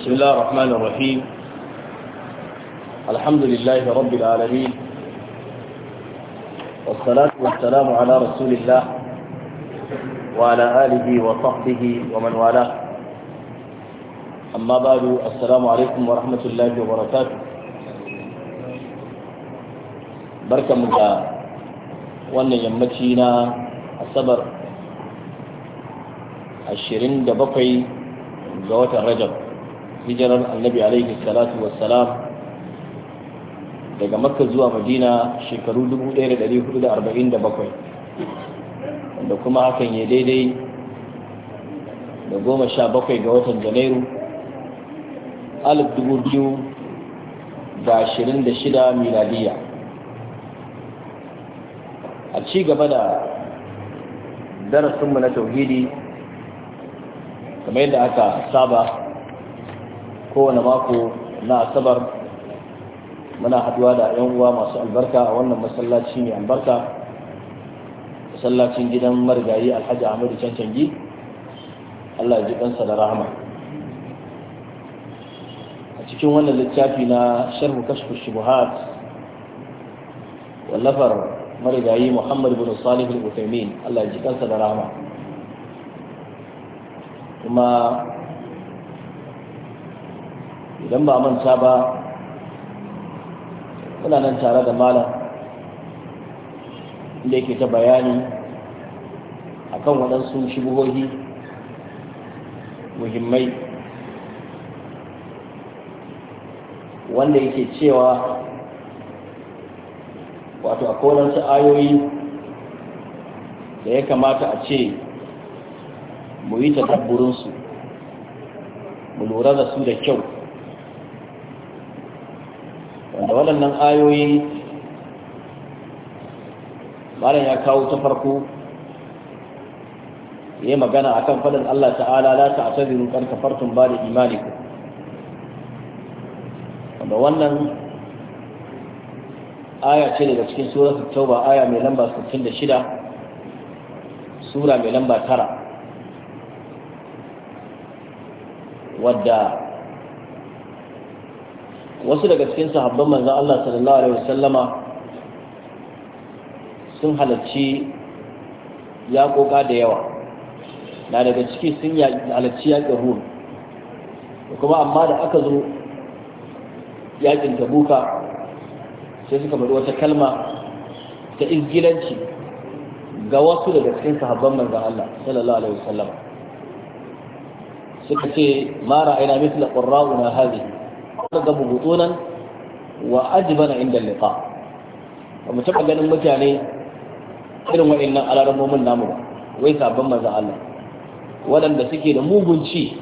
بسم الله الرحمن الرحيم الحمد لله رب العالمين والصلاة والسلام على رسول الله وعلى آله وصحبه ومن والاه أما بعد السلام عليكم ورحمة الله وبركاته بركة من wannan yammaci na asabar 27 ga watan rajab hijirar annabi alaihi salatu wassalam daga makka zuwa madina shekaru 1447 wanda kuma hakan ya daidai da goma sha bakwai ga watan janairu alif dubu biyu da ashirin da shida miladiya a ci gaba da darasinmu na tauhidi kamar yadda aka saba kowane mako na asabar muna haduwa da yan uwa masu albarka a wannan masallaci mai albarka masallacin gidan marigayi alhaji ahmadu cancangi allah ji ɗansa da rahama a cikin wannan littafi na sharhu kashfu shubuhat wallafar marigayi muhammad bin salih al-utaimin allah ji ɗansa da rahama kuma idan ba manta ba muna nan tare da malam inda yake ta bayani a kan waɗansu shibuhohi muhimmai wanda yake cewa wato a kodansu ayoyi da ya kamata a ce mu yi ta mu lura da su da kyau da waɗannan ayoyi malam ya kawo ta farko ya magana akan faɗin Allah ta'ala la ta'tadiru qad kafartun ba da imanikum wanda wannan aya ce daga cikin suratul tauba aya mai lamba 66 sura mai lamba 9 wadda wasu daga cikin sahabban manzan Allah sallallahu alaihi wasallama sun halarci yaƙoƙa da yawa na daga ciki sun halarci yaƙin ruhu kuma amma da aka zo yaƙin tabuka sai suka bari wata kalma ta izgilanci ga wasu daga cikin sahabban manzan Allah sallallahu alaihi wasallama suka ce mara aina mithla qurra'una hadhihi gabu butunan wa ajibana inda liqa ba mu taɓa ganin mutane irin waɗannan alarmomin namu ba wai sabon maza Allah waɗanda suke da mugunci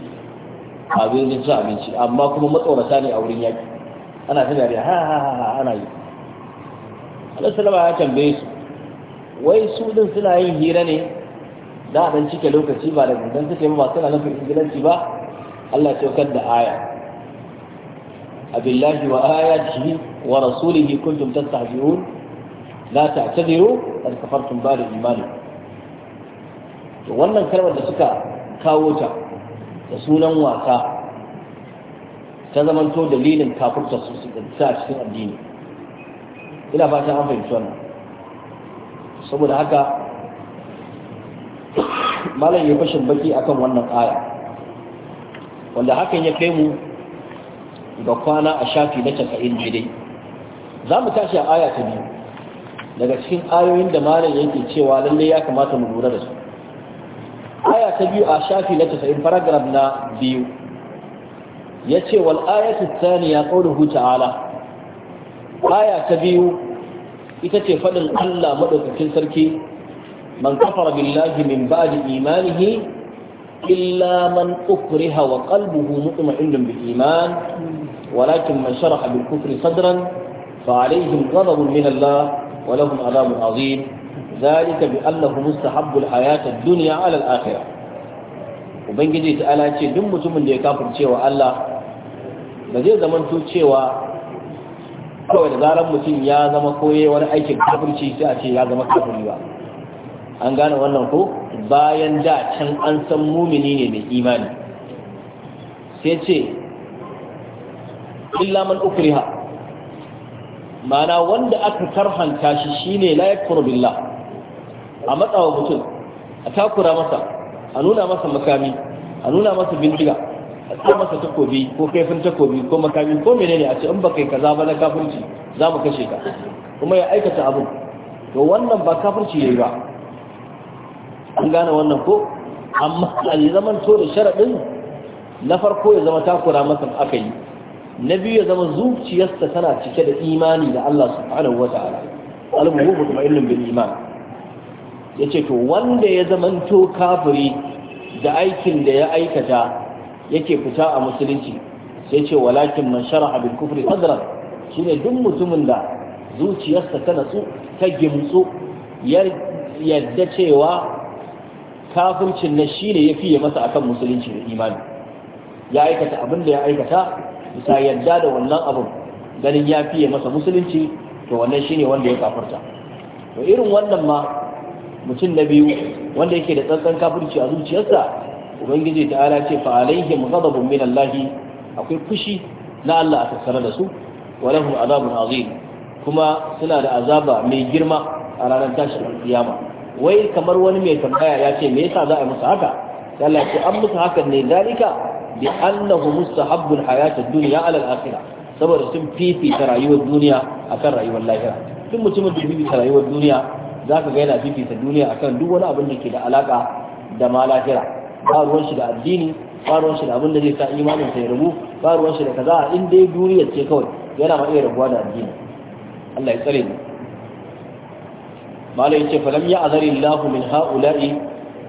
a abin cin abinci amma kuma matsorata ne a wurin yaƙi ana ta dariya ha ha ha ana yi Allah salama ya tambaye su wai su din suna yin hira ne da a dan cike lokaci ba da gudan suke ba suna nufin ingilanci ba Allah ya saukar da aya أبالله وآياته ورسوله كنتم تستهزئون لا تعتذروا قد كفرتم bada imani. to wannan kalmar da suka kawo ta da sunan wasa ta zamanto dalilin kafurta su su a cikin addini ina fata an fahimci wannan saboda haka malam ya fashin baki akan wannan aya wanda hakan ya kai mu ga kwana a shafi na casa'in daidai za mu tashi a aya ta biyu daga cikin ayoyin da malam yake cewa lalle ya kamata mu lura da su aya ta biyu a shafi na casa'in paragraf na biyu ya ce wal ayatu thaniya qawluhu ta'ala aya ta biyu ita ce faɗin Allah maɗaukakin sarki man kafara billahi min ba'di imanihi illa man ukriha wa qalbuhu mutma'innun bil iman ولكن من شرح بالكفر صدرا فعليهم غضب من الله ولهم عذاب عظيم ذلك بأنه مستحب الحياة الدنيا على الآخرة وبنجي تعالى ce duk mutumin da ya kafirce wa Allah ba zai zamanto cewa kawai da zarar mutum ya zama koye wani aikin kafirci sai a ce ya zama kafiri ba an gane wannan ko bayan da can an san mumini ne mai imani sai ce illa man ukriha mana wanda aka karhanta shi shine la yakfuru billah a matsawa mutum a takura masa a nuna masa makami a nuna masa bindiga a sa masa takobi ko kaifin takobi ko makami ko menene a ce in baka ka kaza ba na kafirci za mu kashe ka kuma ya aikata abin to wannan ba kafirci yayi ba an gane wannan ko amma a zaman to da sharaɗin na farko ya zama takura masa aka yi na biyu ya zama zuciyarsa tana cike da imani da Allah subhanahu wa ta'ala al-mu'minu mutma'innun bil iman yace to wanda ya zamanto kafiri da aikin da ya aikata yake fita a musulunci sai ce walakin man shara'a bil kufri sadran shine duk mutumin da zuciyarsa ta natsu ta gimtsu yadda cewa kafircin na shine yafi ya masa akan musulunci da imani ya aikata abin da ya aikata bisa yadda da wannan abun ganin ya fiye masa musulunci to wannan shine wanda ya kafarta to irin wannan ma mutum na biyu wanda yake da tsantsan kafirci a zuciyarsa ubangiji ta'ala ce fa alaihim ghadabun min Allah akwai fushi na Allah a tattare da su wa lahum azabun azim kuma suna da azaba mai girma a ranar tashin alkiyama wai kamar wani mai tambaya ya ce me yasa za a yi musu haka Allah ce an musu hakan ne zalika bi annahu mustahabbul hayatid dunya ala al-akhirah saboda sun fifita rayuwar duniya akan rayuwar lahira duk mutumin da fifita rayuwar duniya zaka ga yana fifita duniya akan duk wani abin da ke da alaka da ma lahira ba ruwan shi da addini ba ruwan shi da abin da zai sa imanin sa ya rabu ba ruwan shi da kaza in dai duniya ce kawai yana ma iya rabuwa da addini Allah ya tsare mu malai ce falam ya azari Allah min ha'ula'i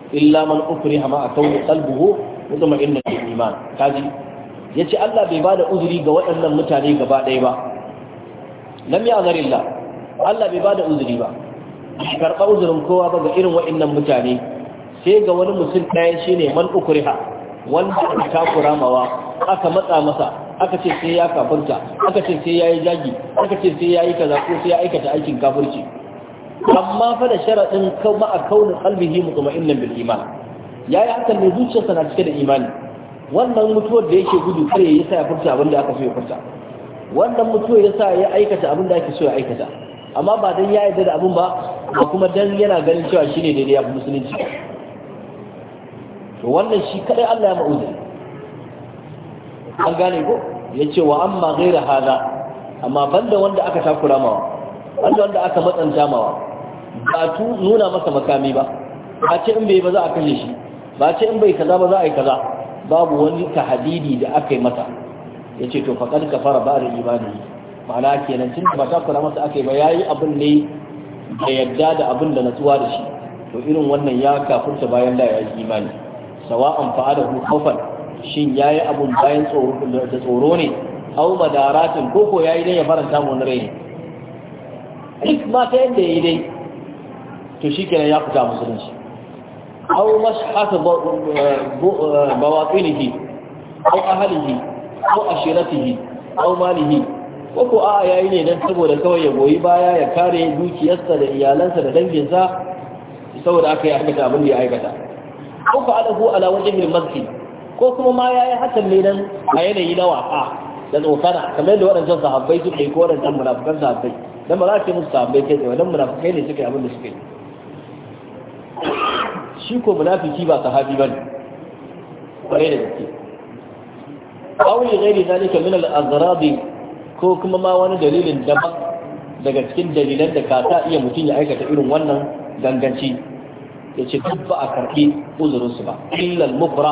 illa man ukriha ma akawni qalbuhu mutuma inna bil iman kaji yace Allah bai bada uzuri ga waɗannan mutane gaba ɗaya ba lam ya'zarillah Allah bai bada uzuri ba karɓa uzurin kowa ba ga irin waɗannan mutane sai ga wani mutum ɗaya shine man ukriha wanda aka takura mawa aka matsa masa aka ce sai ya kafirta aka ce sai yayi jagi aka ce sai yayi kaza ko sai ya aikata aikin kafirci amma fa da sharadin kauma a kaunin qalbihi mutma'innan bil iman ya yi hankali ne zuciyarsa na cike da imani wannan mutuwar da yake gudu kare ya sa ya furta abin da aka so ya furta wannan mutuwar ya sa ya aikata abin da ake so ya aikata amma ba dan ya yarda da abin ba ba kuma dan yana ganin cewa shine daidai ya musulunci to wannan shi kadai Allah ya ma'uzi an gane ko yace wa amma ghaira hada amma banda wanda aka takura mawa banda wanda aka matsanta mawa ba tu nuna masa makami ba a ce in bai ba za a kashe shi ba ce in bai kaza ba za a yi kaza babu wani tahdidi da aka yi ya ce to faqad kafara ba'd imani ma'ana kenan tun ba ta kula masa aka yi ba yayi abin ne da yadda da abin da natsuwa da shi to irin wannan ya kafurta bayan da ya yi imani sawa'an fa'alahu khawfan shin yayi abun bayan tsoro da tsoro ne au madaratin koko yayi dai ya faranta mu rai duk ma ta yadda yayi dai to kenan ya fita musulunci أو مشحة بواطنه أو أهله أو أشيرته أو ماله uku a yayi ne dan saboda kawai ya goyi baya ya kare dukiyarsa da iyalansa da danginsa saboda aka yi aikata abin da ya aikata ko alahu ala wajhil masjid ko kuma ma yayi hakan ne dan a yanayi na wa'a da tsokana kamar da waɗancan a suka yi ko waɗancan munafukan sahabbai dan ba za su yi musu sahabbai kai tsaye dan munafukai ne suka abin da suke. shi ko munafiki ba sahabi bane kwarai da gaske auli ghairi zalika min al-azrad ko kuma ma wani dalilin daban daga cikin dalilan da ka ta iya mutum ya aikata irin wannan ganganci ya duk ba a karɓi uzurinsu ba illal mubra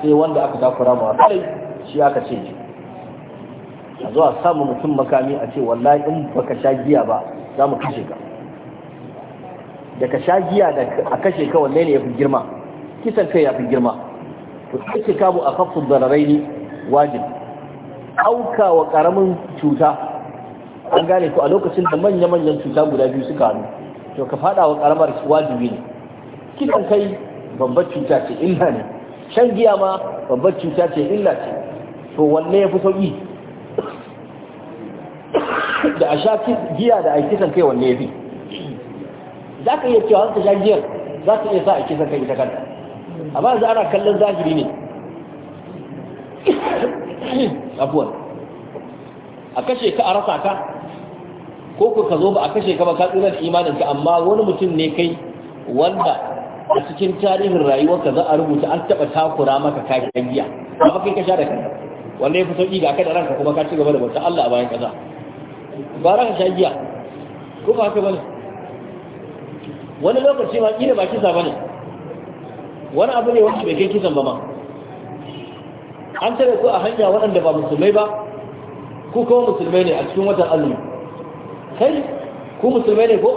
sai wanda aka takura ma kai shi aka ce a zuwa sama mutum makami a ce wallahi in baka sha giya ba za mu kashe ka da ka sha giya da a kashe ka wanne ne ya fi girma kisan kai ya fi girma to ce kabu a kafin dararaini wajib auka wa karamin cuta an gane ku a lokacin da manya-manyan cuta guda biyu suka hannu to ka fada wa karamar wajibi ne kisan kai babbar cuta ce illa ne shan giya ma babbar cuta ce illa ce to wanne ya fi sauƙi da a sha giya da a kisan kai wanne ya fi za ka iya cewa ka shagiyar za ka iya sa a kisan kai ita kanta amma yanzu ana kallon zahiri ne afuwan a kashe ka a rasa ka ko ku ka zo ba a kashe ka ba ka tsira da imaninka amma wani mutum ne kai wanda a cikin tarihin ka za a rubuta an taɓa takura maka kayan giya amma kai ka sha da kanka wanda ya fi sauƙi ga da ranka kuma ka ci gaba da bauta Allah a bayan kaza ba ranka sha giya ko ba haka bane wani lokaci ma kila ba kisa bane wani abu ne wanda bai kai kisan ba ma an tare ku a hanya waɗanda ba musulmai ba ku kuma musulmai ne a cikin watan azumi kai ku musulmai ne ko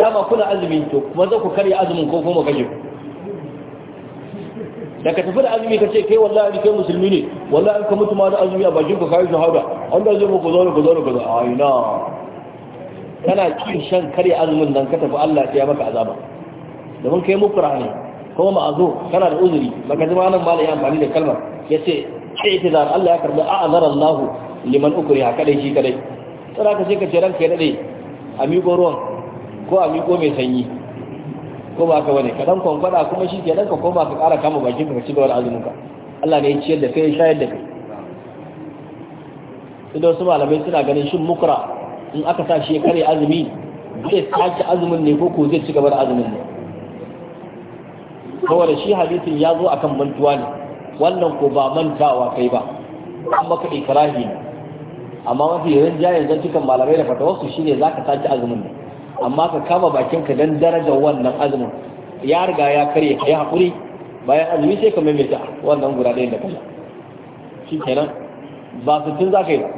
dama kuna azumi to kuma za ku karya azumin ko kuma kaje da ka tafi da azumi ka ce kai wallahi kai musulmi ne wallahi ka mutu ma da azumi a bakin ka kai shahada an da zai ku zo ku zo ku zo a ina kana kin shan karya azumin nan ka tafi Allah ya maka azaba domin kai mukra ne kuma ma'azo kana da uzuri maka zama nan malai amfani da kalmar yace i'tizar Allah ya karbi a'zara Allah liman ukriha kadai shi kadai sai ka ce ka ce ranka ya dade a miƙo ruwan ko a miƙo mai sanyi ko ba ka bane ka dan kwankwada kuma shi dan ka koma ka ƙara kama bakin ka ci gaba da azumin ka Allah ne ya ciyar da kai ya shayar da kai idan su malamai suna ganin shin mukra in aka sa shi kare azumi zai sake azumin ne ko ko zai ci gaba da azumin ne saboda shi hadisin ya zo akan mantuwa ne wannan ko ba mantawa kai ba an maka ikrahi ne amma mafi zan cikin malamai da fatawarsu shine zaka sake azumin ne amma ka kama bakin ka dan daraja wannan azumin ya riga ya karye ka yi haƙuri bayan azumi sai ka maimaita wannan guda ɗayan da kai. shi kenan ba su tun za ka yi ba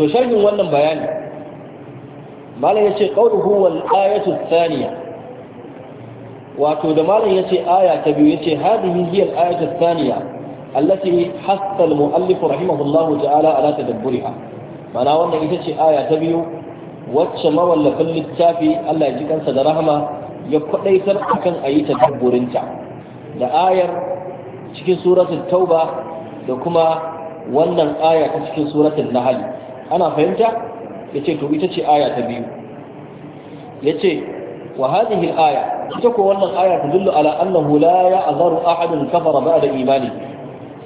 to sharhin wannan bayani malam yace qawluhu wal ayatu thaniya wato da malam yace aya ta biyu yace hadhihi hiya al ayatu thaniya allati hasa al muallif rahimahullahu ta'ala ala tadabburiha mana wannan ita ce aya ta biyu wacce mawallafin littafi Allah ya ji kansa da rahama ya kwadaitar akan ayi tadabburinta da ayar cikin suratul tauba da kuma wannan aya ta cikin suratul nahl ana fahimta ya ce to ita ce aya ta biyu ya ce wa hadhihi aya ita ko wannan aya ta dullu ala annahu la ya'zaru ahadun kafara ba'da imani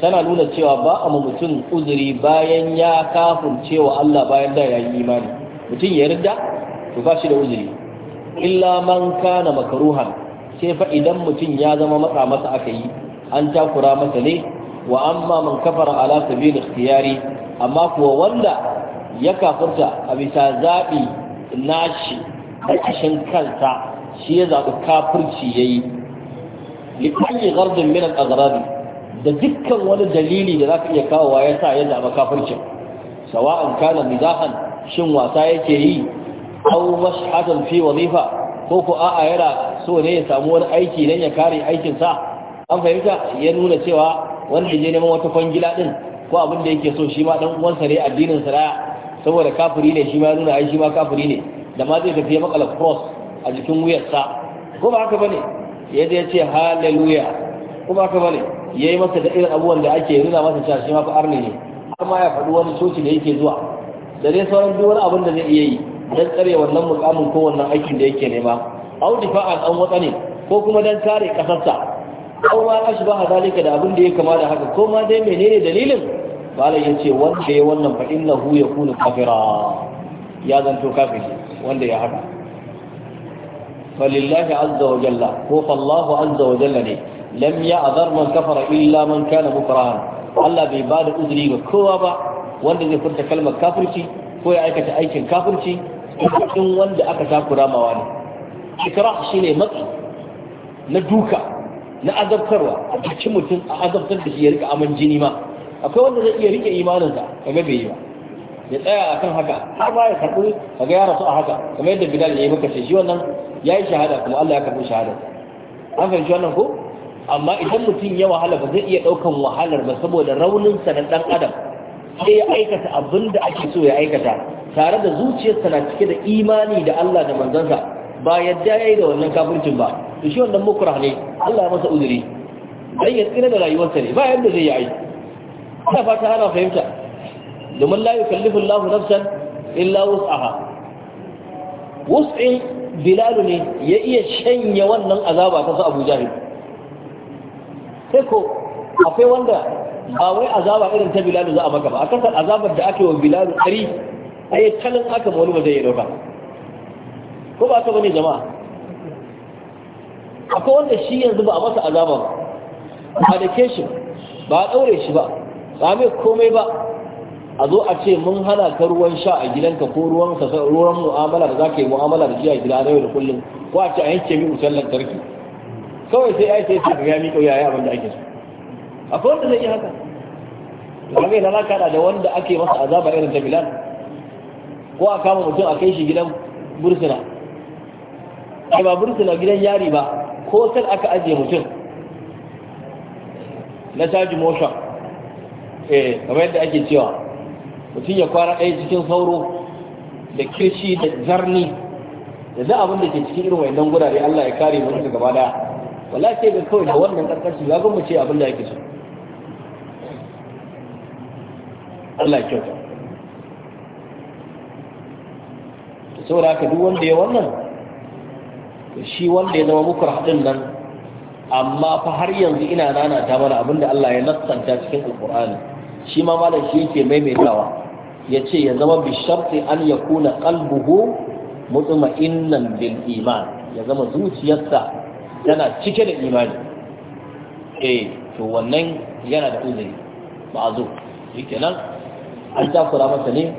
tana nuna cewa ba a mutum uzuri bayan ya kafurce cewa Allah bayan da yayi imani mutum ya yarda to ba shi da uzuri illa man kana makruhan sai fa idan mutum ya zama matsa masa aka yi an takura masa ne wa amma man kafara ala sabili ikhtiyari amma kuwa wanda ya kafurta a bisa zaɓi nashi da ƙashin kansa shi ya zaɓi kafurci ya yi liƙanyi gardin minan azarari da dukkan wani dalili da za ka iya wa ya sa ya zaɓi kafircin sawa'an kana mizahan shin wasa yake yi au mashhatan fi wazifa ko ko a'a yana so ne ya samu wani aiki dan ya kare aikin sa an fahimta ya nuna cewa wanda je neman wata kwangila din ko abin da yake so shi ma dan uwansa ne addinin sa saboda kafiri ne shi ma nuna ai shi ma kafiri ne da ma zai tafi ya makala cross a jikin wuyarsa ko ba haka bane ya je ya ce hallelujah ko ba haka bane yayi masa da irin abubuwan da ake nuna masa cewa shi ma fa arne ne har ma ya faɗi wani coci da yake zuwa da dai sauran duk wani abin da zai iya yi dan tsare wannan mukamin ko wannan aikin da yake nema au difa'an an ne ko kuma dan kare kasarsa ko ma ashbaha zalika da abin da ya kama da haka ko ma dai menene dalilin malam ya ce wanda ya wannan fa innahu ya kuna kafira ya zanto kafiri wanda ya haka falillahi azza wa jalla ko fallahu azza wa jalla ne lam ya azar man kafara illa man kana mukrahan Allah bai bada uzuri ga kowa ba wanda zai furta kalmar kafirci ko ya aikata aikin kafirci in wanda aka takura mawa ne ikrah shine matsi na duka na azabtarwa a cikin mutum a azabtar da shi ya rika aman jini ma akwai wanda zai iya rike imaninsa kaga bai yi ba ya tsaya akan haka har ba ya karɓi kaga ya rasu a haka kamar yadda bilal ya yi maka shi wannan ya yi shahada kuma Allah ya karɓi shahada an fahimci wannan ko amma idan mutum ya wahala ba zai iya ɗaukan wahalar ba saboda rauninsa na ɗan adam sai ya aikata abin da ake so ya aikata tare da zuciyarsa na cike da imani da Allah da manzansa ba yadda ya yi da wannan kafircin ba to shi wannan mukrah ne Allah ya masa uzuri dan ya tsira da rayuwarsa ne ba yadda zai yi aiki ina fata ana fahimta domin la yukallifu lahu nafsan illa wus'aha wus'in Bilalu ne ya iya shanye wannan azaba ta su Abu Jahil sai ko akwai wanda ba wai azaba irin ta Bilalu za a maka ba a akan azabar da ake wa Bilalu bilal a yi kanin aka wani ba zai ɗauka, ko ba ka bane jama'a akwai wanda shi yanzu ba a masa azaba ba ba da ke shi ba a ɗaure shi ba ba komai ba a zo a ce mun hana ka ruwan sha a gidanka ko ruwan ruwan mu'amala da zaka yi mu'amala da jiya a gida na yau da kullum ko a ce a yanke min wutar lantarki kawai sai ya ce ka ya miƙa yaya abin da ake so akwai wanda zai yi haka ba mai na da wanda ake masa azaba irin ta bilal ko a kama mutum a kai shi gidan bursuna ai ba bursuna gidan yari ba ko sai aka ajiye mutum na caji motion eh kamar yadda ake cewa mutum ya fara ɗaya cikin sauro da kirshi da zarni da za abin da ke cikin irin wannan gudare Allah ya kare mu daga gaba daya Wala sai ga kawai da wannan karkashi ga mu ce abin da yake so Allah ya kyauta saboda haka duk wanda ya wannan shi wanda ya zama mukar haɗin nan amma fa har yanzu ina nana ta mana abinda Allah ya nassanta cikin alqur'ani shi ma malam shi yake maimaitawa yace ya zama bi sharti an yakuna qalbuhu mutma'innan bil iman ya zama zuciyarsa tana cike da imani eh to wannan yana da uzuri ma'azu nan, an kula masa ne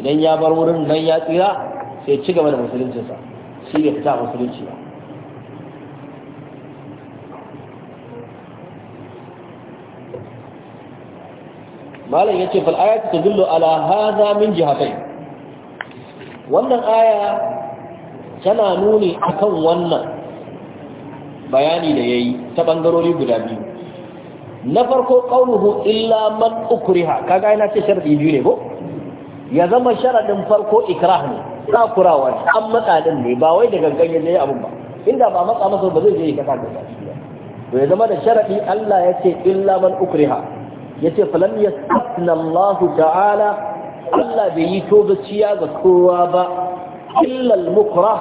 idan ya bar wurin nan ya tsira sai ci gaba da sa shi ne fita musulunci ba malam yace fal ayatu tadullu ala hadha min jihatayn wannan aya tana nuni akan wannan bayani da yayi ta bangarori guda biyu na farko qauluhu illa man ukriha kaga ina ce sharadi biyu ne ko ya zama sharadin farko ikrah ne takurawa ne an matsa din ne ba wai da gangan yayi abun ba inda ba matsa masa ba zai je ya kasa da shi to ya zama da sharadi Allah ya ce illa man ukriha yace falam yasna Allah ta'ala Allah bai yi togaciya ga kowa ba illa al-mukrah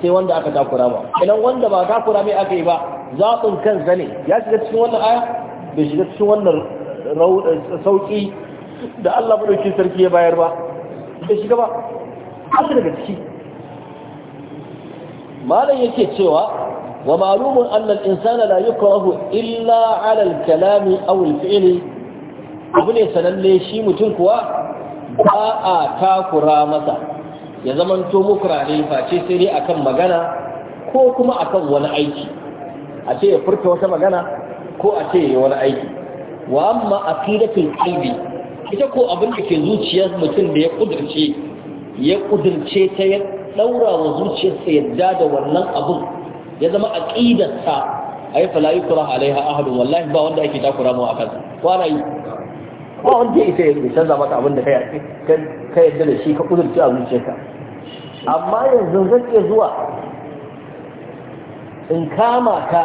sai wanda aka takura ba idan wanda ba takura mai aka yi ba zaɓin kansa ne ya shiga cikin wannan aya bai shiga cikin wannan sauƙi da Allah madauki sarki ya bayar ba bai shiga ba haka daga ciki malam yake cewa wa ومعلوم أن الإنسان لا يكره إلا على الكلام أو الفعل abu ne sananne shi mutum kuwa ba a takura masa ya zamanto mukurare face sai dai akan magana ko kuma akan wani aiki a ce ya furta wata magana ko a ce ya wani aiki wa amma aqidatul qalbi ita ko abin da ke zuciyar mutum da ya kudurce ya kudurce ta ya daura wa zuciyarsa yadda da wannan abin ya zama aqidarsa ay fala yukra alaiha ahadun wallahi ba wanda ake takura mu akan ko ana yi ba wanda ya isa ya canza maka abin da ka yadda da shi ka kudurci a zuciyarka amma yanzu zan zuwa in kama ka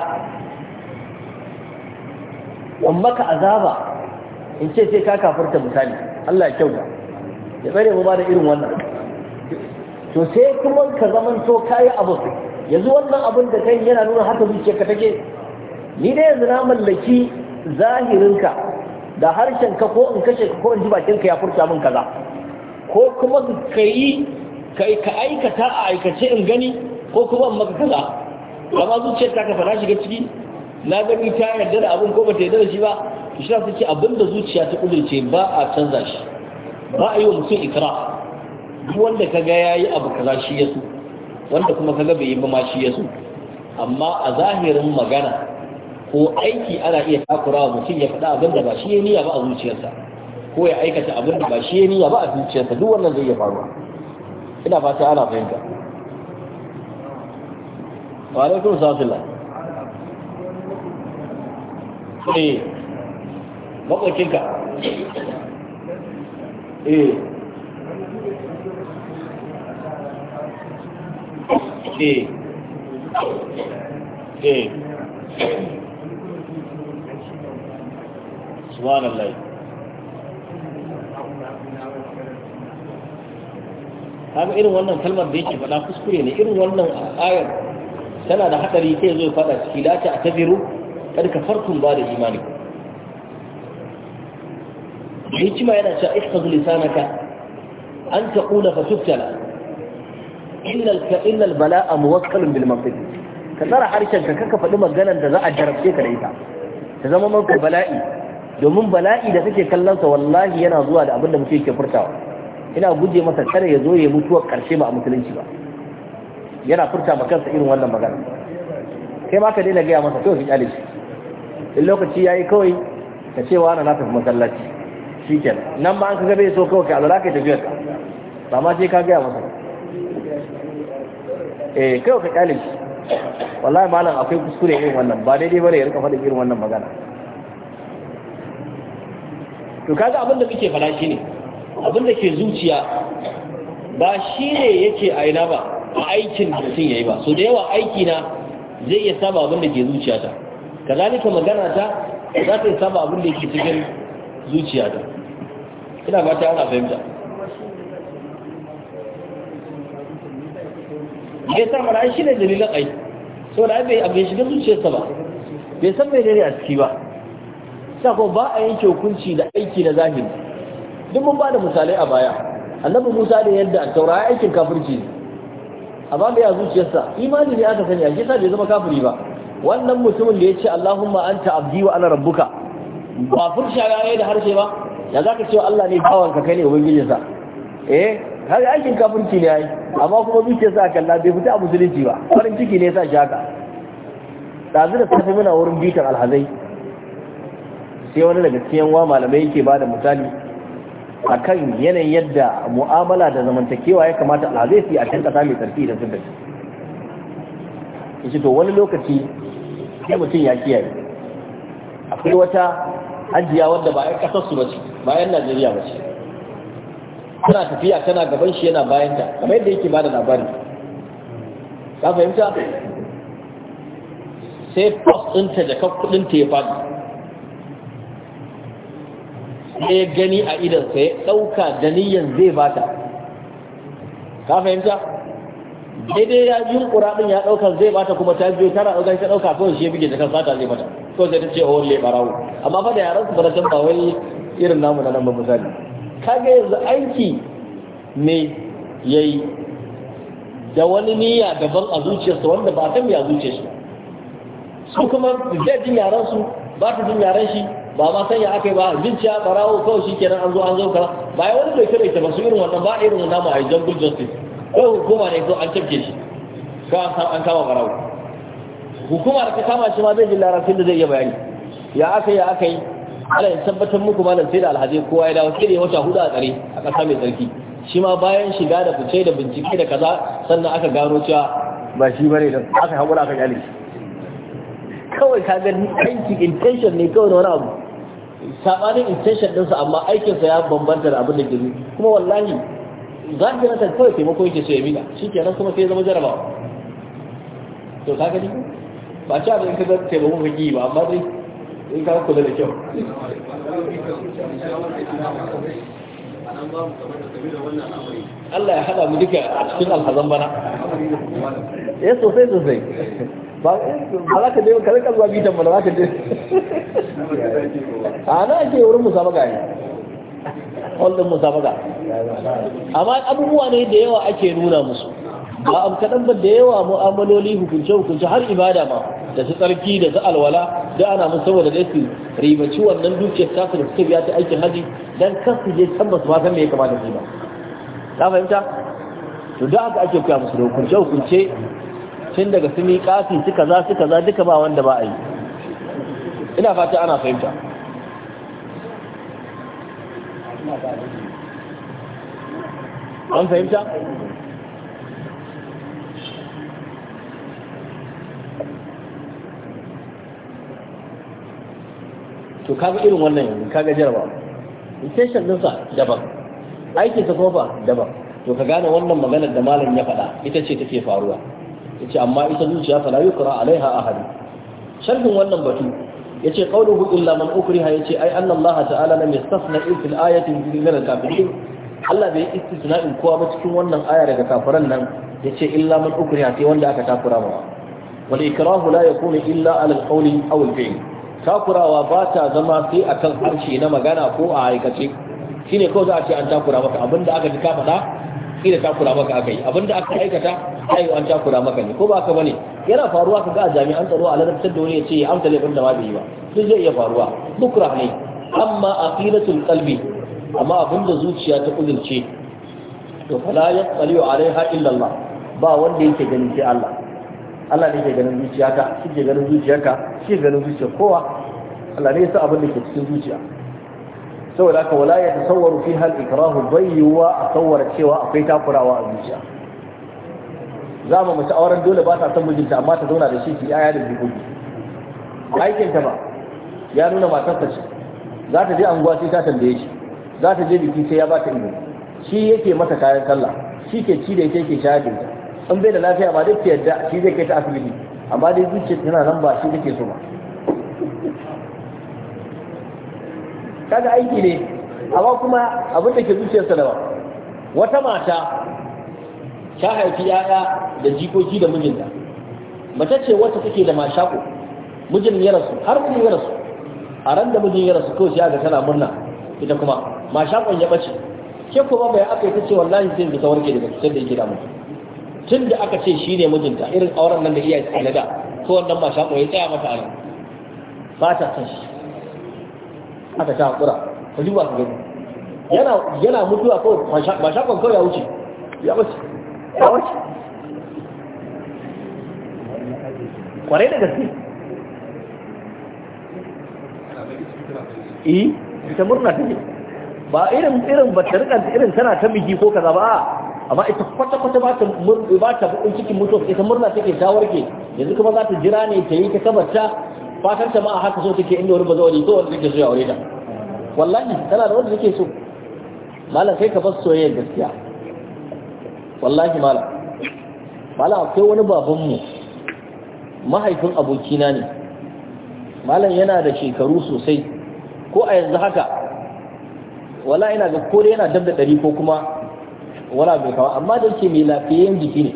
in maka azaba in ce sai ka kafurta misali Allah ya kyauta ya tsare mu ba da irin wannan to sai kuma ka zaman to kayi abu yanzu wannan abin da kai yana nuna haka zuciyarka take ni dai yanzu na mallaki zahirinka da harshen ka ko in kashe ka ko in ji bakin ka ya furta min kaza ko kuma ka yi ka aikata a aikace in gani ko kuma maka kaza amma zuciyar ta ka fara shiga ciki na gani ta yarda da abin ko ba ta yarda da shi ba to shi suke abinda zuciya ta kudurce ba a canza shi ba a yi wa mutum ikra duk wanda ka ga yayi abu kaza shi so. wanda kuma ka ga bai yi ba ma shi so. amma a zahirin magana ko aiki ana iya takurawa mutum ya faɗa abin da ba shi ya niyya ba a zuciyarsa ko ya aikata abin da ba shi ya niyya ba a zuciyarsa duk wannan zai iya faruwa ina fata ana fahimta wa alaikum salam eh ka eh eh eh subhanallah kaga irin wannan kalmar da yake faɗa kuskure ne irin wannan ayar tana da hadari sai zo faɗa ciki la ta kada ka kafartum ba da imani hikima yana cewa ihfaz lisanaka an taqula fatubtala innal ka innal bala'a muwakkalun bil maqsid ka tsara harshen ka kanka faɗi maganar da za a jarabce ka da ita ta zama maka bala'i domin bala'i da take kallon sa wallahi yana zuwa da abin da mutum yake furtawa ina guje masa kare ya zo ya mutuwa karshe ba a musulunci ba yana furta ma kansa irin wannan magana kai ma ka daina gaya masa kai fi kyale shi in lokaci yayi kawai ka ce wa na tafi masallaci shikenan nan ba an ka gabe so kawai ka alura ta tafiyar ka ba ma sai ka gaya masa eh kai ka kyale shi wallahi malam akwai kuskure irin wannan ba daidai bane ya rika faɗin irin wannan magana to kaga abin da muke fara shine abin da ke zuciya ba shine yake a ina ba a aikin da mutum yayi ba so da yawa aiki na zai iya saba abin da ke zuciyata kazalika magana ta za ta saba abin da ke cikin zuciyata ina ba ta ana fahimta ya sa mara shi ne dalilan ai so da bai abin shiga zuciyarsa ba bai san mai dare a ciki ba sa ko ba a yanke hukunci da aiki na zahiri duk mun ba da misalai a baya annabi musa da yadda a taura aikin kafirci amma bai a zuciyarsa imani ne aka sani a shi sa bai zama kafiri ba wannan mutumin da ya ce allahumma anta abdi wa ana rabbuka ba furci ya da harshe ba ya ce wa allah ne ka kai ne ubangijinsa eh har aikin kafirci ne yayi amma kuma zuciyarsa a kalla bai fita a musulunci ba farin ciki ne ya sa shi haka ɗazu da safe muna wurin bitar alhazai sai wani daga cikin wa malamai yake ba da misali akan yanayin yadda mu'amala da zamantakewa ya kamata zai a can kasa mai tsarki da zubin yace to wani lokaci sai mutum ya kiyaye akwai wata ajiya wadda ba yan kasar su bace ba yan Najeriya bace tana tafiya tana gaban shi yana bayan ta kamar yadda yake bada labari ka fahimta sai post ɗinta da kan ta ya faɗi ya gani a idansa ya ɗauka da niyan zai bata ka fahimta daidai ya yi ƙuraɗin ya ɗauka zai bata kuma ta biyo tara ɗauka ta ɗauka kawai shi ya bige da kan sata zai bata ko sai ta ce oh le barawo amma fa da yaran su ba can ba wai irin namu na nan ba misali ga yanzu aiki ne ya yi? da wani niyya daban a zuciyarsa wanda ba ta miya a zuciyarsa su kuma zai jin yaran su ba ta jin yaran shi ba ma sanya aka yi ba zinciya barawo kawai shi kenan an zo an zauka ba ya wani bai kira ita ba su irin wannan ba irin wannan ma a yi jungle justice kawai hukuma ne ko an tafke shi ko an kama barawo hukuma da ta kama shi ma zai ji larabci da zai iya bayani ya aka yi ya aka yi ala ya tabbatar muku ma sai da alhaji kowa ya dawo sai da wata hudu a tsare a ƙasa mai tsarki shi ma bayan shiga da fice da bincike da kaza sannan aka gano cewa ba shi bane da aka haƙura aka yi kawai ka ga aiki intention ne kawai na wani abu sabanin intention ɗinsa amma aikinsa ya bambanta da abin da ke kuma wallahi zahiratan kawai taimako yake so ya miƙa shi kenan kuma sai zama jarabawa to ka gani ba ci abin ka ga taimako ka ba amma dai in ka kula da kyau Allah ya hada mu duka a cikin alhazan bana Ya eh, sosai sosai Eh, ba za ka je ka rika zuwa bitan ba za ka je a na ake wurin musabaka ne hollin musabaka amma abubuwa ne da yawa ake nuna musu ba am kadan ba da yawa mu'amaloli hukunce hukunce har ibada ma da su tsarki da su alwala da ana mun saboda da su ribaci wannan dukiyar tasu da suka biya ta aikin haji dan kar su je can ba su ma san me ya kamata su ba ka fahimta to da aka ake koya musu da hukunce hukunce tun daga su miƙafi suka za suka za duka ba wanda ba a yi ina fata ana fahimta an fahimta to kaga irin wannan yanzu kaga jarabawa intention ɗinsa daban aikinsa kofa daban to ka gane wannan maganar da malam ya faɗa ita ce take faruwa yace amma ita zuciya ta la yukra alaiha ahad Sharfin wannan batu yace qawluhu illa man ukriha yace ai anna Allah ta'ala mai yastasna fil ayati min al-kafirin Allah bai istisna'in kowa ba cikin wannan aya daga kafiran nan yace illa man ukriha sai wanda aka takura mawa wal ikrahu la kone illa ala al-qawli aw takurawa ba ta zama sai akan harshe na magana ko a aikace shine kawai za a ce an takura maka abinda aka ji ka faɗa da takura maka aka yi abinda aka aikata sai an takura maka ne ko ba ka bane yana faruwa ga a jami'an tsaro a ladabtar da wani ya ce amsa laifin da ma bai yi ba duk zai iya faruwa bukra ne amma aqilatul qalbi amma abinda zuciya ta kudince to fala yaqali alaiha illa Allah ba wanda yake ganin sai Allah Allah ne yake ganin zuciyarka shi ke ganin zuciyarka shi ganin zuciyar kowa Allah ne ya sa abin da ke cikin zuciya saboda haka wala ya tasawwaru fi hal ikrahu bayyuwa a tsawara cewa akwai takurawa a zuciya za mu mace auren dole ba ta san mijinta amma ta zauna da shi ki yaya da biyu aikin ta ba ya nuna matar ta ce za ta je anguwa sai ta tambaye shi za ta je biki sai ya ba ta ido shi yake mata kayan sallah shi ke ci da yake shayar da in bai da lafiya ba dai ki yadda shi zai kai ta asibiti amma dai zuciya tana nan ba shi take so ba kaga aiki ne amma kuma abin da ke zuciyarsa da ba. wata mata ta haifi yaya da jikoki da mijinta mace ce wata take da mashako mijin ya rasu har mijin ya rasu a ran da mijin ya rasu ko sai ga tana murna ita kuma mashakon ya bace ke kuma bai aka yi ce wallahi sai da tawarke daga cutar da yake da mutum tun da aka ce shi ne mijinta irin auren nan da iyaye suka da ko wannan mashakon ya tsaya mata a nan ba ta san shi aka sha hakura ka duba ka gani yana yana mutuwa kawai ba shakon kawai ya wuce ya wuce ya wuce kwarai da gaske eh ita murna take ba irin irin ba ta rika irin tana ta miji ko kaza ba amma ita kwata kwata ba ta ba ta cikin mutuwa ita murna take ta warke yanzu kuma za ta jira ne ta yi ta kabarta fatan ta ma a haka so take inda wani bazawari ko wanda take so ya aure ta wallahi tana da wanda take so malam sai ka bar soyayyar gaskiya wallahi malam malam akwai wani babanmu mahaifin abokina ne malam yana da shekaru sosai ko a yanzu haka wala ina ga kore yana dab da ɗari ko kuma wala bai kawo amma da ke mai lafiyayyen jiki ne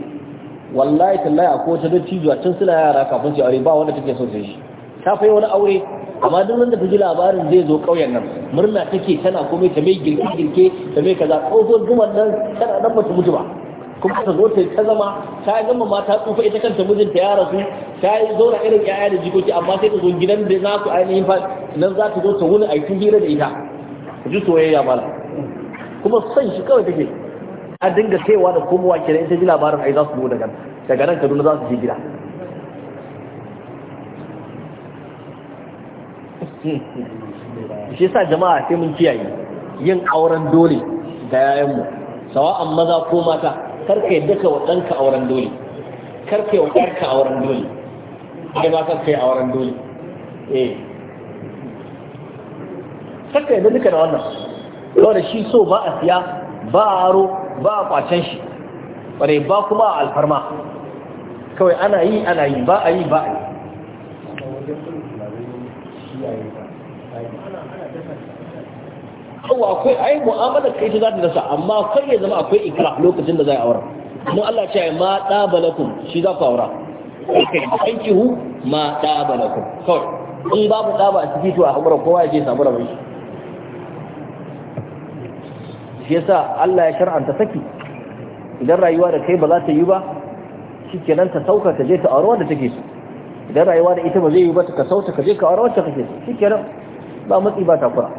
wallahi tallahi akwai don cizuwa tun suna yara kafin su aure ba wanda take so sai shi ta fai wani aure amma duk wanda ta ji labarin zai zo ƙauyen nan murna take tana komai ta mai girke-girke ta mai kaza tsohon zuman nan tana nan ba ta mutu ba kuma ta zo ta ta zama ta gama ma ta tsufa ita kanta mijinta ya rasu ta yi zauna irin 'ya'ya da jikoki amma sai ta zo gidan da za su ainihin fa nan za ta zo ta wuni aikin hira da ita ta ji soyayya mala kuma son shi kawai take a dinga kaiwa da komowa kenan ita ji labarin ai za su zo daga daga nan kaduna za su je gida shi sa jama'a sai mun kiyaye yin auren dole da yayanmu amma maza ko mata karka yadda ka wa ɗanka auren dole karka yi wa ɗanka auren dole ai ma karka yi auren dole eh karka yadda duka da wannan kawai da shi so ba a siya ba a aro ba a kwacen shi ƙware ba kuma a alfarma kawai ana yi ana yi ba a yi ba a yi yawa akwai ai mu'amalar kai ta za ta rasa amma kar ya zama akwai ikra lokacin da za aura kuma Allah ya ce ma dabalakum shi za ku aura kai hu ma dabalakum kawai in babu daba a ciki to a hamuran kowa ya je samu rabon shi shi yasa Allah ya shar'anta saki idan rayuwa da kai ba za ta yi ba shikenan ta sauka ka je ta aura wanda take so idan rayuwa da ita ba zai yi ba ta sauka ka je ka aura wanda take so shikenan ba matsi ba takura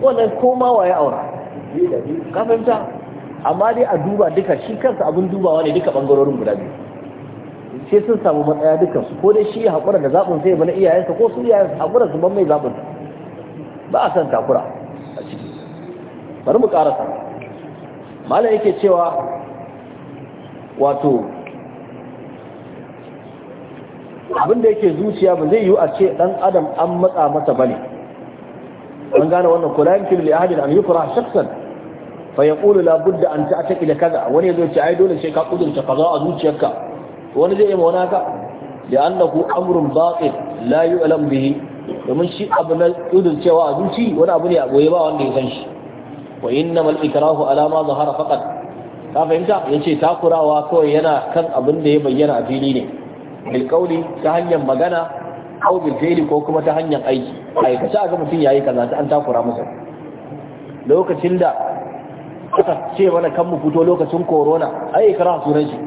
wannan koma waye aura ka fahimta amma dai a duba duka shi kansa abin dubawa ne duka bangarorin guda biyu sai sun samu matsaya duka su ko dai shi hakura haƙura da zaɓin sai bana iyayensa ko su iyayensa hakura su ban mai zaɓin ba a san takura a ciki bari mu ƙarasa malam yake cewa wato abin da yake zuciya ba zai yi a ce ɗan adam an matsa masa bane an gane wannan ko la yumkin li ahadin an yukra shakhsan fa yaqulu la budda an ta'taqida kaza wani yazo ce ai dole sai ka kudurta kaza a zuciyarka wani zai yi mawana haka li'annahu amrun batil la yu'lam domin shi abu na kudurcewa a zuci wani abu ne a goye ba wanda ya san shi wa innamal ikrahu alama ma zahara faqat ka fahimta yace takurawa kawai yana kan abin da ya bayyana a fili ne bil ta hanyar magana au bil fi'li ko kuma ta hanyar aiki aikace aka mutum yayi kaza ta an takura masa lokacin da aka ce mana kan mu fito lokacin corona ai ikra sunan shi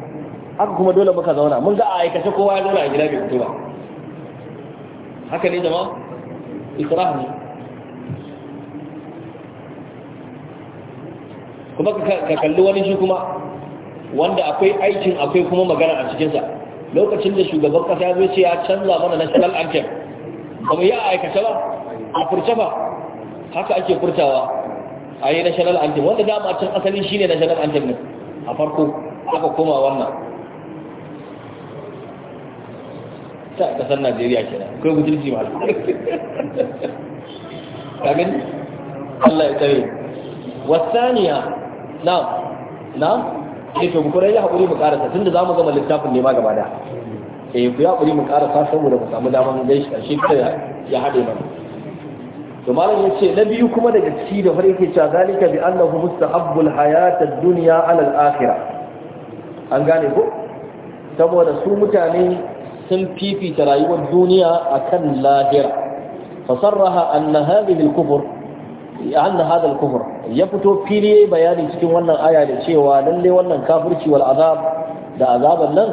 haka kuma dole muka zauna mun ga a aikace kowa ya zauna a gida bai fito ba haka ne zama ikra ne kuma ka kalli wani shi kuma wanda akwai aikin akwai kuma magana a cikinsa lokacin da shugaban kasa ya ce ya canza mana national anthem ba mu yi a aikata ba a furta ba haka ake furtawa a yi national anthem wanda dama can asali shine national anthem ne a farko aka koma wannan ta kasar najeriya ke kai akwai mutunci ma kamin Allah ya tsaye wasaniya na na eh to ku rai hakuri mu karasa tunda zamu gama littafin ne ma gaba da eh ku ya haƙuri mu karasa saboda ku samu daman gaishe shi kada ya hade mana to malam yace na biyu kuma daga ciki da har yake cewa zalika bi annahu mustahabbul hayat ad-dunya ala al-akhirah an gane ko saboda su mutane sun fifita rayuwar duniya akan lahira fasarraha anna hadhihi al anna hadal kufur ya fito fili bayani cikin wannan aya da cewa lalle wannan kafirci wal azab da azaban nan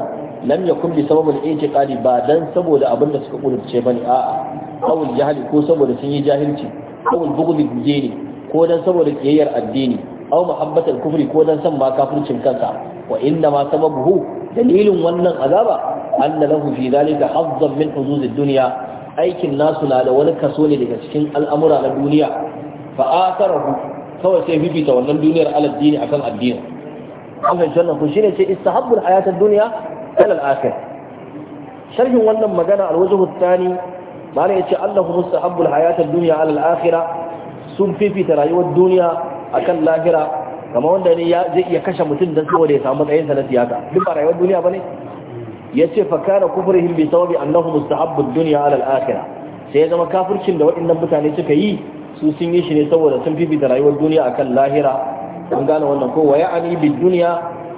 lam yakun bi sababul itiqadi ba dan saboda abin da suka kudurce bane a'a awul jahili ko saboda sun yi jahilci awul bughd dini ko dan saboda kiyayyar addini aw muhabbatul kufri ko dan san ma kafircin kansa wa inna ma sababuhu dalilin wannan azaba anna lahu fi dhalika hazzan min huzuzid dunya aikin nasu na da wani kaso ne daga cikin al'amura na duniya fa kawai sai fifita wannan duniyar aladdini akan addini an fahimci wannan shine ce istahabbul hayatad dunya alal akhir sharhin wannan magana alwajhu thani mana yace annahu mustahabbul hayatad dunya alal akhirah sun fifita rayuwar duniya akan lahira kamar wanda ne zai iya kashe mutum don saboda ya samu tsayinsa na siyasa duk ba rayuwar duniya ba ne ya ce fakara kufurihim bi sababi annahu mustahabbud dunya ala al-akhirah sai ya zama kafircin da waɗannan mutane suka yi su sun yi shi ne saboda sun fifita rayuwar duniya akan lahira Sun gane wannan ko waya ani bi duniya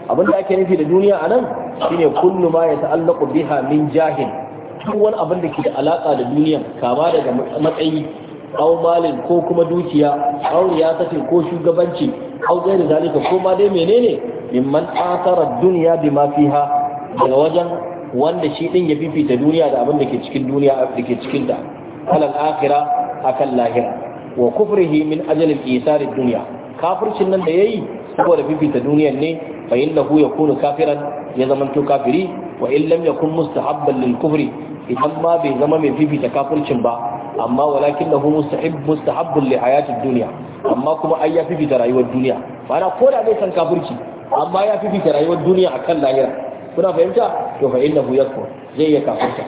abin da ake nufi da duniya anan shine kullu ma ta'allaku biha min jahil duk wani abin da ke da alaka da duniya kama daga matsayi aw malin ko kuma dukiya aw riyasatin ko shugabanci aw ghairi zalika ko ma dai menene mimman duniya dunya bima fiha daga wajen wanda shi din ya fifita duniya da abin da ke cikin duniya da ke cikin ta alal akhirah akan lahira wa kufrihi min ajalin al duniya kafircin nan da yayi saboda fifita duniyan ne ku ya kunu kafiran ya zamanto kafiri wa in lam yakun mustahabban kufri idan ma bai zama mai fifita kafircin ba amma walakinahu mustahib mustahabbun li hayati ad amma kuma ai ya fifita rayuwar duniya bana na da bai san kafirci amma ya fifita rayuwar duniya akan lahira kuna fahimta to fa innahu yakfur zai ya kafirta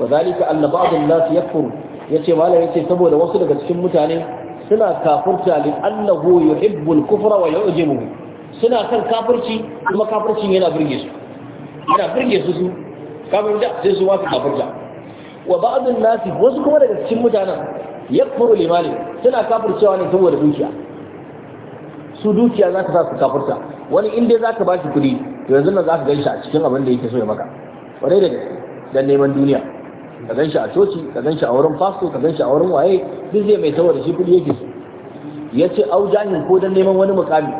وذلك أن بعض الناس يكفر yace ya yace saboda wasu daga cikin mutane suna kafirta li annahu yuhibbul kufra wa yu'jibuhu suna kan kafirci kuma kafircin yana burge su yana burge su su da, sai su wasu kafirta wa ba'dun nasi wasu kuma daga cikin mutanen yakfuru limani suna kafircewa ne saboda dukiya su dukiya za ka sa su kafirta wani inda za ka ba shi kuɗi to yanzu nan za ka gan cikin abin da yake so ya maka ƙwarai da gaske don neman duniya ka gan shi a coci ka gan shi a wurin fasto ka gan shi a wurin waye duk zai mai saboda shi kudi yake ya ce au jahil ko dan neman wani mukami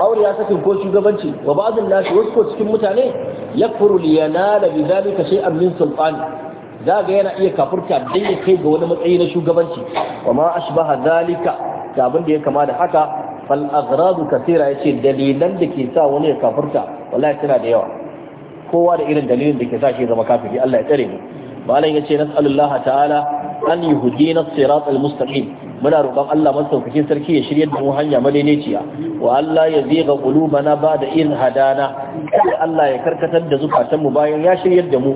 aure ya sakin ko shugabanci wa ba'dun nasi wasu ko cikin mutane yakfuru li yanala bi zalika shay'an min sultani za ga yana iya kafurta dan ya kai ga wani matsayi na shugabanci wa ma ashbaha zalika da abin da ya kama da haka fal aghradu kathira yace dalilan da ke sa wani ya kafurta wallahi tana da yawa kowa da irin dalilin da ke sa shi zama kafiri Allah ya tsare mu malam yace nas'alullaha ta'ala an yuhdina as-siratal mustaqim muna roƙon Allah madaukakin sarki ya shirya da mu hanya madaidaiciya wa Allah ya ziga qulubana ba'da in hadana kada Allah ya karkatar da zukatan mu bayan ya shirya da mu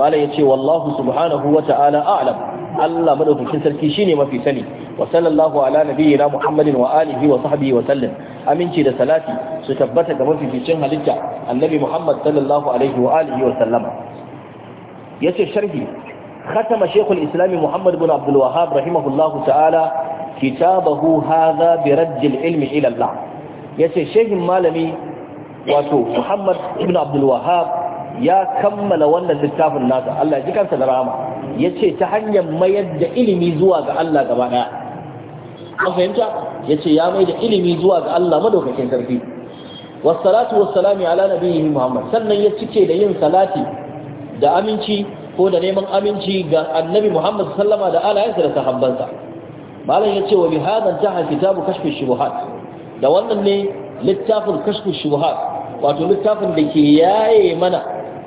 malam yace wallahu subhanahu wa ta'ala a'lam Allah madaukakin sarki shine mafi sani wa sallallahu ala nabiyyina Muhammadin wa alihi wa sahbihi wa sallam aminci da salati su tabbata ga mafificin halitta annabi Muhammad sallallahu alaihi wa alihi wa sallama yace sharhi muhammad ibn abdul محمد بن عبد الوهاب رحمه الله تعالى كتابه هذا برد العلم إلى الله malami wato muhammad ibn abdul بن ya kammala يا littafin nasa allah ya ji يجيك da لرامة ya ce ta hanyar mayar da ilimi zuwa ga Allah gaba ɗaya an fahimta ya ce ya mai da ilimi zuwa ga Allah madaukakin sarki wassalatu wassalamu ala nabiyyi muhammad sannan ya cike da yin salati da aminci ko da neman aminci ga annabi muhammad sallama da alayansa da sahabbansa malam ya ce wa bi hadan taha kitabu kashfi shubuhat da wannan ne littafin kashfi shubuhat wato littafin da ke yaye mana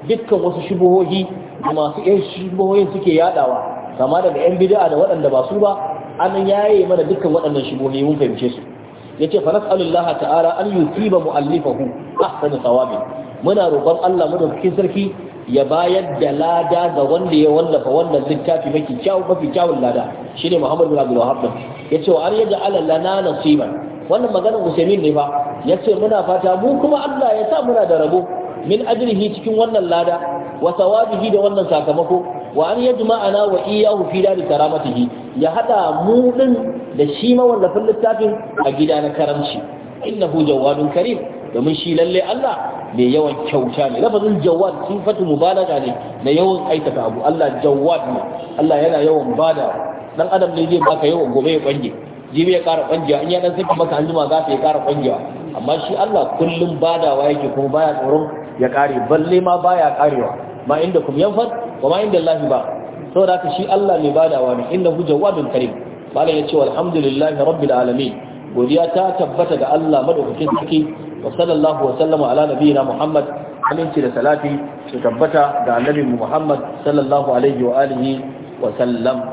dukkan wasu shubuhohi masu yan shigohin suke yadawa kama daga yan bid'a da waɗanda ba su ba an yaye mana dukkan waɗannan shigohi mun fahimce su yace fa nas'alullaha ta'ala an yusiba mu'allifahu ahsana thawabi muna roƙon Allah madaukakin sarki ya bayar da lada ga wanda ya wallafa wannan littafi mafi kyau mafi kyawun lada shine Muhammad bin Abdul Wahhab yace wa an Allah lana nasiban wannan maganar Usaimin ne ba yace muna fata mu kuma Allah ya sa muna da rabo min ajrihi cikin wannan lada wa sawabihi da wannan sakamako wa an ma'ana wa iyahu fi dar karamatihi ya hada mu din da shi ma wallafin littafin a gida na karamci innahu jawadun karim domin shi lalle Allah mai yawan kyauta ne lafazin jawad sifatu mubalaga ne na yawan aikata abu Allah jawad ne Allah yana yawan bada dan adam ne zai baka yawan gobe ya kwange jibi ya kara kwangiya in ya dan saki maka anjima za ta ya kara kwangiya amma shi Allah kullum badawa yake kuma baya tsoron ya kare balle ma baya karewa ma inda kum yanfar, wa ma inda Allah ba saboda haka shi Allah mai badawa ne innahu jawadun karim malam yace walhamdulillahi rabbil alamin godiya ta tabbata ga Allah madaukakin sarki wa sallallahu wa sallama ala nabiyina Muhammad aminci da salati su tabbata ga annabi Muhammad sallallahu alaihi wa alihi wa sallam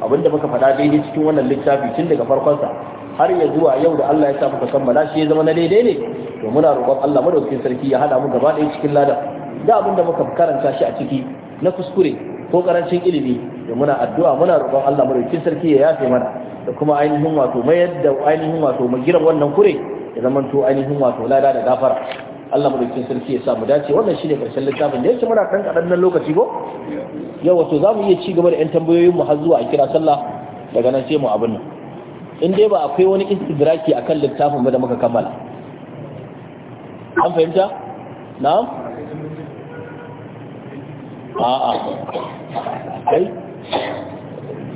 abinda muka faɗa daidai cikin wannan littafi tun daga farkon sa har ya zuwa yau da Allah ya sa muka kammala shi ya zama na daidai ne to muna roƙon Allah madaukakin sarki ya hada mu gaba ɗaya cikin ladan da abin da muka karanta shi a ciki na kuskure ko karancin ilimi da muna addu'a muna roƙon Allah madaukakin sarki ya yafe mana da kuma ainihin wato mai yadda ainihin wato magiran wannan kure ya to ainihin wato lada da gafara Allah madaukakin sarki ya sa mu dace wannan shine karshen littafin da yake muna kan kadan nan lokaci ko yau wato zamu iya ci gaba da yan tambayoyin mu har zuwa a kira sallah daga nan sai mu abin nan in dai ba akwai wani istidraki akan littafin ba da muka kammala an fahimta na'am a'a kai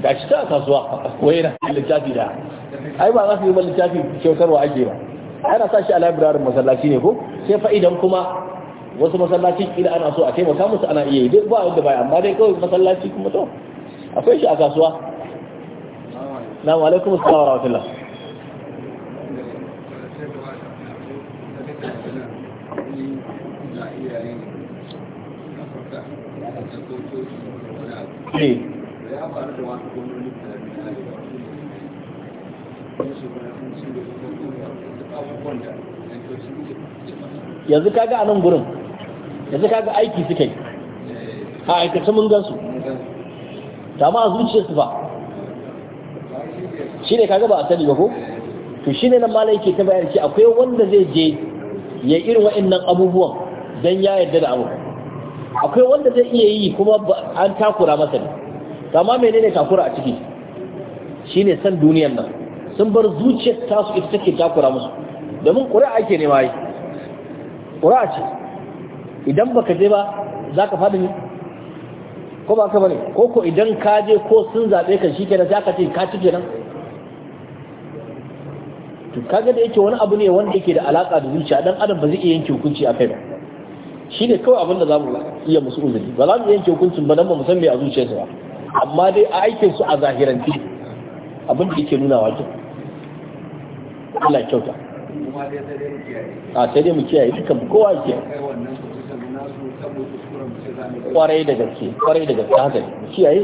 da shi ta kasuwa wai na littafi da ai ba za su yi ba littafi kyautarwa ake ba ana sa shi a labirarin masallaci ne ko sai fa'idan kuma wasu masallacin idan ana so a taimaka musu ana iya yi duk ba wanda bai amma dai kawai masallaci kuma to akwai shi a kasuwa na alaikum assalam wa rahmatullah yanzu kaga a nan gurin yanzu kaga aiki suka yi a aikata mun gansu ta ma zuciya su ba shi ne kaga ba a sani ba ko to shi ne nan malai ke ta bayar ce akwai wanda zai je ya irin wa'annan abubuwan don ya yarda da abu akwai wanda zai iya yi kuma an takura masa ne amma menene takura a ciki shine san duniyan nan sun bar zuciyar tasu ita take takura musu domin ƙuri'a ake nema yi ƙuri'a ce idan baka je ba za ka faɗi ko ba ka bane ko ko idan ka je ko sun zaɓe ka shi kenan za ka ce ka cike nan? to kaga da yake wani abu ne wanda yake da alaƙa da zuciya dan adam ba zai iya yanke hukunci a kai ba shine kawai abin da za mu iya musu uzuri ba za mu yanke hukuncin ba dan ba mu san me a zuciyarsa ba amma dai a aikin su a zahiranci abin da yake nuna wato Allah kyauta a sai dai mu kiyaye dukkan kowa ke kwarai da gaske kwarai da gaske haka mu kiyaye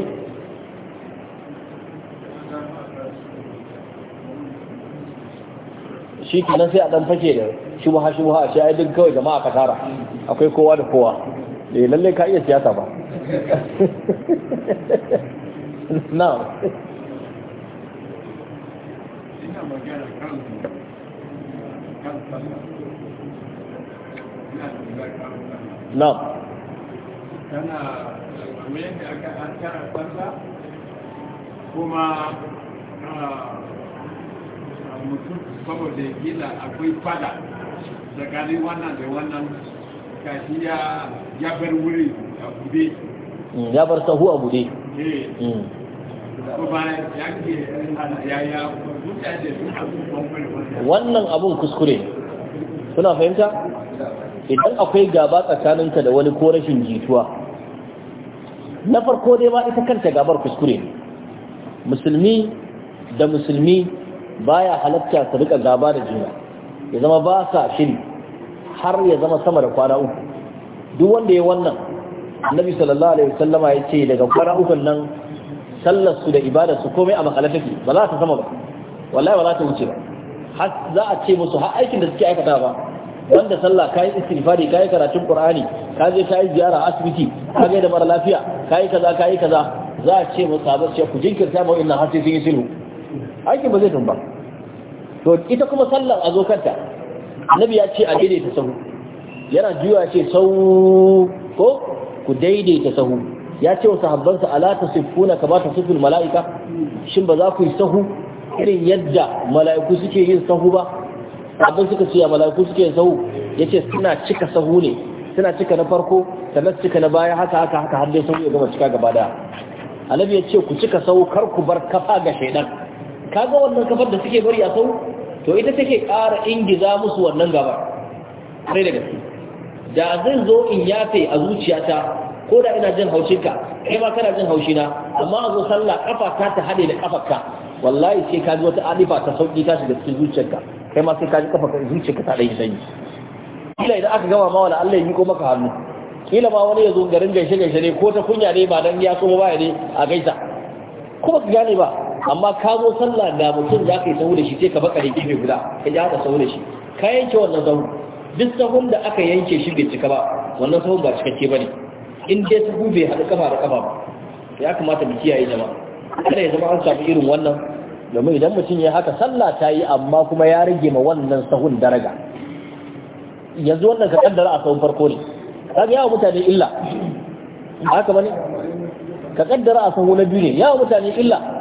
shi kenan sai a dan fake da shi shubha a ce ai duk kawai jama'a kasara akwai kowa da kowa eh lalle ka iya siyasa ba na ina magana kan kan sallah ina kan sallah tana kamar yadda aka an tara sallah kuma mutum saboda gila akwai fada tsakanin wannan da wannan ya bar sahu a bude eh. hmm. wannan abun kuskure suna fahimta idan akwai gaba tsakaninka da wani ko rashin jituwa na farko dai ba ita kanta gabar kuskure musulmi da musulmi baya halatta su rika gaba da juna ya zama ba sa shiri har ya zama sama da kwana uku duk wanda ya wannan annabi sallallahu alaihi wasallama ya ce daga kwana uku nan sallar su da ibadar su komai a makale take ba za ta sama ba wallahi ba za ta wuce ba har za a ce musu har aikin da suke aikata ba wanda sallah kai istighfari kai karatun qur'ani ka je kai ziyara asibiti ka ga da mara lafiya kai kaza kai kaza za a ce musu sabar ce ku jinkirta mu inna har sai sun yi sulhu aikin ba zai tumba to ita kuma sallar a zo kanta annabi ya ce a daidaita sahu yana juya ce sau ko ku daidaita sahu ya ce wa habbansa ala ba kama sifin mala'ika shin ba za ku yi sahu irin yadda mala'iku suke yin sahu ba abin suka ce ya mala'iku suke yin sahu yace suna cika sahu ne suna cika na farko sannan cika na baya haka haka haka har sahu ya gama cika gaba daya annabi ya ce ku cika sahu kar ku bar kafa ga shaidan kaga wannan kafar da suke bari a sahu to ita take ƙara ingiza musu wannan gaba sai da gaske da zan zo in yafe a zuciyata ko da ina jin haushinka kai ma kana jin haushina amma a zo sallah kafa ta ta hade da kafarka wallahi sai ka ji wata alifa ta sauki ta shiga cikin zuciyarka kai ma sai ka ji kafarka zuciyarka ta dai sanyi kila idan aka gama ma wala Allah ya miko maka hannu kila ma wani ya zo garin gaishe gaishe ne ko ta kunya ne ba dan ya so ba ya ne a gaisa ko ka gane ba amma ka zo sallah da mutum za ka yi sahu da shi sai ka baka da gefe guda ka ji haka sahu da shi ka yanke wannan sahu duk sahun da aka yanke shi bai cika ba wannan sahun ba cikakke ba ne in dai sahu bai haɗu kafa da kafa ba ya kamata mu kiyaye jama'a kada ya zama an samu irin wannan domin idan mutum ya haka sallah ta yi amma kuma ya rage ma wannan sahun daraja yanzu wannan ka kaddara a sahun farko ne ka ga yawa mutane illa haka bane ka kaddara a sahun na biyu ne yawa mutane illa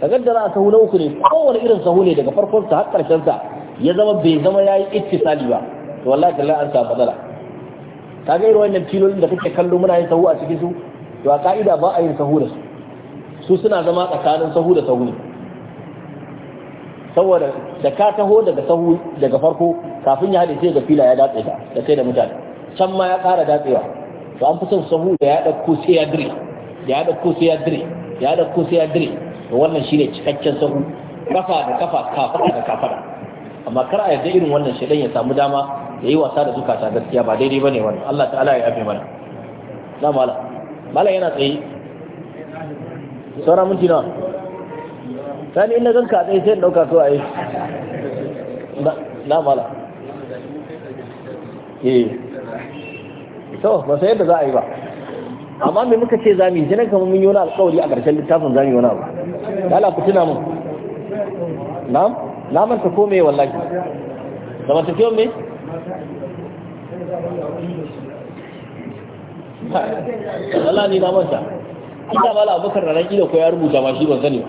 ka gaddara a sahu na uku ne kowane irin sahu ne daga farkon sa har karshen sa ya zama bai zama yayi ittisali ba to wallahi kallan an Ta matsala ka ga irin wannan filolin da kake kallo muna yin sahu a cikin su to a ka'ida ba a yin sahu da su su suna zama tsakanin sahu da sahu ne saboda da ka taho daga sahu daga farko kafin ya haɗe sai ga fila ya datse ta da kai da mutane can ma ya ƙara datsewa to an fi son sahu da ya ɗauko sai ya dire da ya ɗauko sai ya dire da ya ɗauko sai ya dire to wannan shine cikakken sahu kafa da kafa kafa da kafa amma kar a yarda irin wannan shedan ya samu dama ya yi wasa da zukata gaskiya ba daidai bane wannan Allah ta'ala ya yafe mana na mala mala yana tsaye sauran minti nawa sani in na ka tsaye sai in dauka kawai ai na mala eh to ba sai yadda za a yi ba amma me muka ce zami yi jinan kamar mun yi wani alƙawari a ƙarshen littafin zami yi wani abu Allah ku tuna mun na'am na manta kome me wallahi zama ta kiyon me Allah ni na manta ina mala abubakar ranar ido ko ya rubuta ma shi ban sani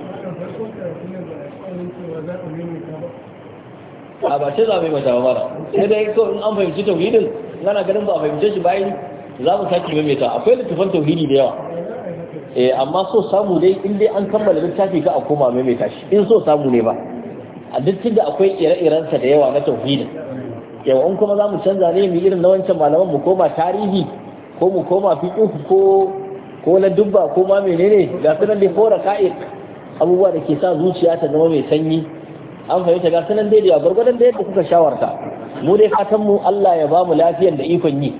ba a ba ce za mu yi mata ba mara sai dai ko in an fahimci tauhidin lana ganin ba a fahimce shi bayan za mu sake maimaita akwai littafin tauhidi da yawa eh amma so samu dai in dai an kammala littafi ka a koma maimaita shi in so samu ne ba a duk da akwai ire-irensa da yawa na tauhidi yawa in kuma za mu canza ne mu irin na wancan malaman mu koma tarihi ko mu koma fiqh ko ko na dubba ko ma menene ga sunan dai fora ka'id abubuwa da ke sa zuciya ta zama mai sanyi an fahimta ga sunan dai da gwargwadon da yadda kuka shawarta mu dai fatan mu Allah ya ba mu lafiyar da ikon yi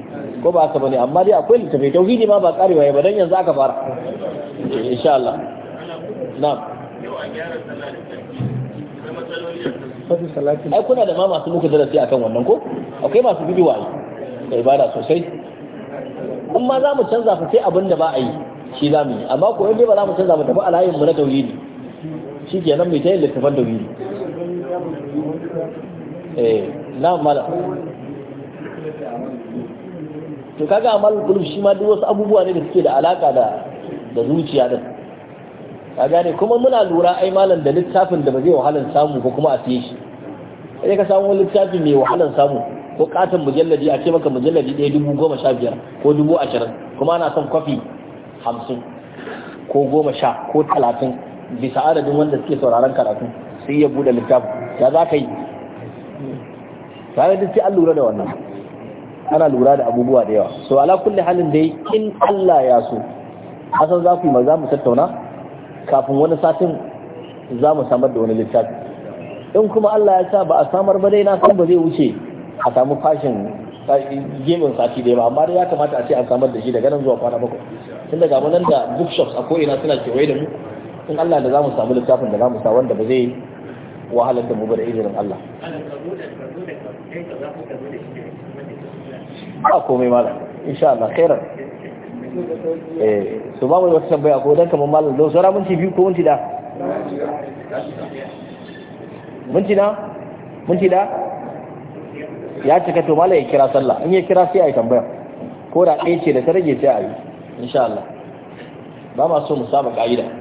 ko ba haka bane amma dai akwai littafai tauhidi ma ba karewa ya ba dan yanzu aka fara insha Allah na'am ai kuna da ma masu muku darasi akan wannan ko akwai masu bidiwa da ibada sosai in ma za mu canza fa sai abin da ba a yi shi za mu yi amma ko in dai ba za mu canza mu tafi alayin mu na tauhidi shi nan mu ta yin littafan tauhidi eh na mala to kaga amal gulub shi ma duk wasu abubuwa ne da suke da alaka da da zuciya din ka gane kuma muna lura ai malam da littafin da ba zai wahalan samu ko kuma a siye shi sai ka samu littafi mai wahalan samu ko katon mujalladi a ce maka mujalladi ɗaya dubu goma sha biyar ko dubu ashirin kuma ana son kwafi hamsin ko goma sha ko talatin bisa adadin wanda suke sauraron karatu sai ya buɗe littafi ya za ka yi tare da sai an lura da wannan ana lura da abubuwa da yawa so ala kulli halin da yi in Allah ya so san za ku yi maza mu tattauna kafin wani satin za mu samar da wani littafi in kuma Allah ya sa ba a samar ba dai na san ba zai wuce a samu fashin gemin sati da ba amma dai ya kamata a ce an samar da shi daga nan zuwa kwana bakwai tun daga nan da bookshops a ko'ina suna kewaye da mu in Allah da za mu samu littafin da za mu sa wanda ba zai wahalar da mu ba da izinin Allah. ba komai mala insha Allah khairan eh su ba mu wata tambaya ko dan kaman mala don sora minti biyu ko minti da minti na minti da ya cika to mala ya kira sallah in ya kira sai ai tambaya ko da ɗaya ce da ta rage sai ai insha Allah ba ma so mu saba ka'ida